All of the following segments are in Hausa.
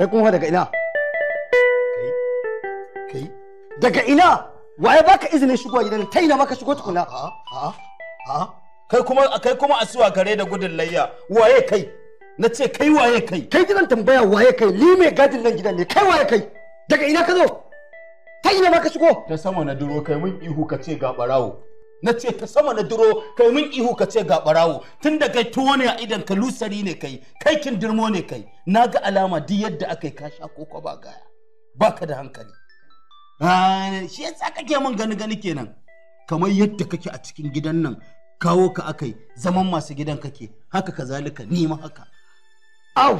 kai kuma daga ina kai daga ina waye baka izinin shigowa gidan ta ina maka shigo tukuna kai kuma kai kuma asuwa kare da gudun layya waye kai na ce kai waye kai kai gidan tambaya waye kai ni mai gadin nan gidan ne kai waye kai daga ina ka zo ta ina maka shigo ta sama na duro kai mun ihu ka ce ga barawo na ce ka sama na duro kai min ihu ka ce ga barawo tun da kai tuwo ne a idan ka lusari ne kai kai kin dirmo ne kai na ga alama duk yadda aka yi kasha koko ba gaya ba ka da hankali ah, shi yasa kake min gani gani kenan kamar yadda kake a cikin gidan nan kawo ka aka zaman masu gidan kake haka kazalika ni ma haka au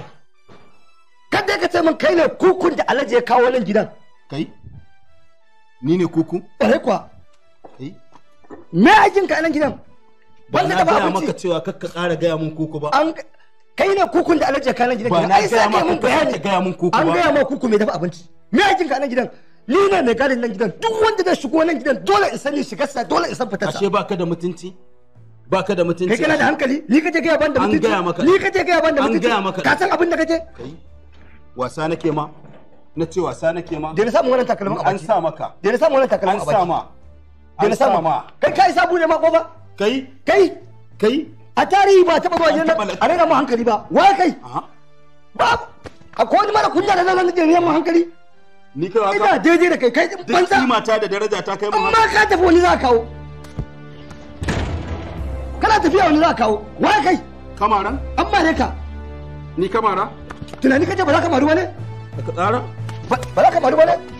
kada ka ce min kai ne kukun da alaje ya kawo nan gidan kai ni ne kuku ɗare kwa kai me aikin ka nan gidan ban na gaya maka cewa kakka kara gaya mun kuku ba an kai ne kukun da alaji ka nan gidan ba na gaya maka ta gaya mun kuku ba an gaya maka kuku mai dafa abinci me aikin ka nan gidan ni ne mai garin nan gidan duk wanda zai shigo nan gidan dole in sani sa dole in san sa ashe baka da mutunci baka da mutunci kai kana da hankali ni kaje gaya ban da mutunci an gaya maka ni kaje gaya ban da mutunci an gaya maka ka san abin da kaje wasa nake ma na ce wasa nake ma da na samu wannan takalmin a baki an sa maka da na samu wannan takalmin abin an sa ma da sama ma kai kai sabu ne ma ko ba kai kai kai a tarihi ba taba zuwa yana a rera mu hankali ba wa kai ba a ko ni mara kunya da nan da rera mu hankali ni kai wa ina daidai da kai kai banza kima ta da daraja ta kai mu amma ka tafi wani za ka kawo kana tafiya wani za ka kawo wa kai kamara. amma ne ka ni kamara tunani kaje ba za ka maru ba ne ka tsara ba za ka maru ba ne